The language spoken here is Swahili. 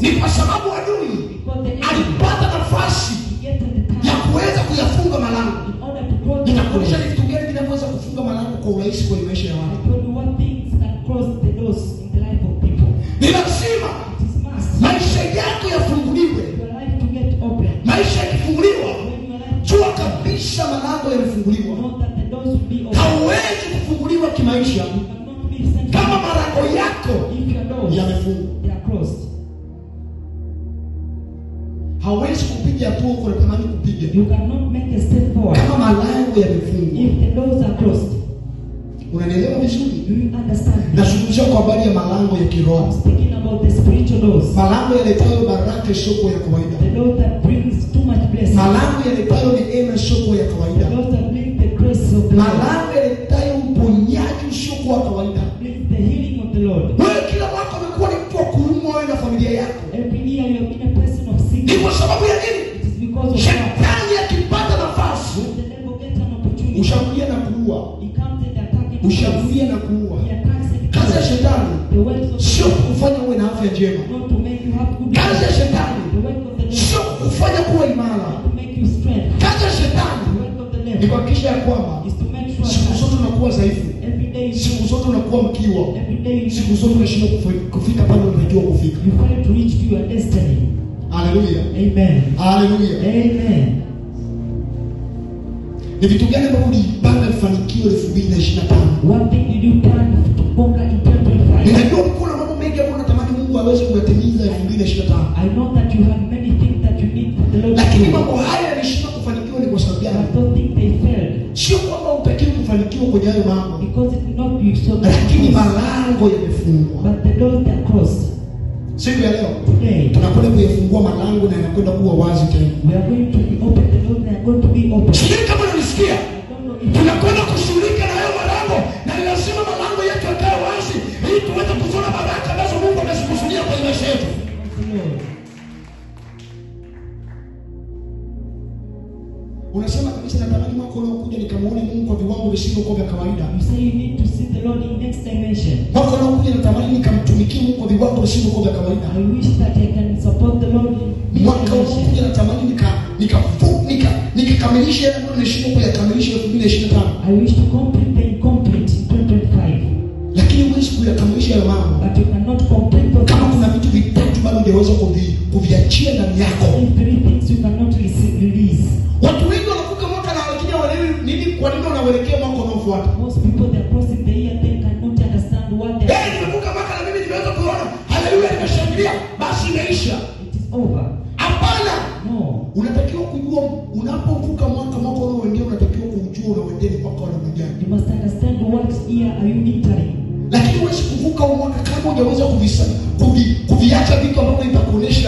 ni kwa sababu adui alipata nafasi ya kuweza kuyafunga malango. Nitakuonyesha ni vitu gani vinavyoweza kufunga malango kwa urahisi kwenye maisha ya watu. Ninasema maisha yako yafunguliwe. Maisha yakifunguliwa, jua kabisa malango yamefunguliwa. Hauwezi kufunguliwa kimaisha kama malango yako yamefungwa hawezi kupiga hatua uko unatamani kupiga. You cannot make a step forward. Kama malango yamefungwa. If the doors are closed. Unanielewa vizuri? You understand. Nazungumzia kwa habari ya malango ya kiroho. Speaking about the spiritual doors. Malango yaletayo baraka sio ya kawaida. The door that brings too much blessing. Malango yaletayo neema sio ya kawaida. The door that brings the grace of God. Malango yaletayo uponyaji sio kwa kawaida. The healing of the Lord. Wewe kila wako amekuwa ni mtu wa kurumwa wewe na familia yako. Shetani akipata nafasi ushambulia na kuua, ushambulia na kuua. Kazi ya shetani sio kufanya uwe na afya njema. Kazi ya shetani sio kufanya kuwa imara. Kazi ya shetani ni kuhakikisha ya kwamba siku zote unakuwa dhaifu, siku zote unakuwa mkiwa, siku zote unashindwa kufika pale unajua kufika. Haleluya. Amen. Haleluya. Amen. Ni vitu gani ambavyo ulipanga mafanikio 2025? What thing did you plan to conquer in 2025? Ninajua kuna mambo mengi ambayo unatamani Mungu aweze kuyatimiza 2025. I know that you have many things that you need for the Lord. Lakini mambo haya yalishindwa kufanikiwa ni kwa sababu gani? I don't think they failed. Sio kwamba utakiwa kufanikiwa kwenye hayo mambo. Because it not be so. Lakini malango yamefungwa. But the doors are crossed. Siku ya leo tunakwenda kuyafungua malango na yanakwenda kuwa wazi tena. Sijui kama unanisikia, tunakwenda kushughulika na hayo malango, na lazima malango yetu yakae wazi ili tuweze Unasema kabisa natamani mwaka unaokuja nikamwone Mungu kwa viwango visivyokuwa vya kawaida. need to see the Lord in next dimension. Mwaka unaokuja natamani nikamtumikie Mungu kwa viwango visivyokuwa vya kawaida. I wish that I can support the Lord mwaka unaokuja natamani nika nikafunika nikakamilisha yale ambayo nimeshindwa kuyakamilisha 2025. I wish to complete the in 2025. Lakini yale mambo. But cannot complete kama kuna vitu vitatu bado hujaweza kuviachia ndani yako. Three things you cannot release. Watu Unatakiwa kujua unapovuka mwaka mwaka unaoendea unatakiwa kujua unaoendea mwaka wa namna gani. You must understand what year are you entering. Lakini huwezi kuvuka mwaka kama hujaweza kuviacha vitu ambavyo vitakuonesha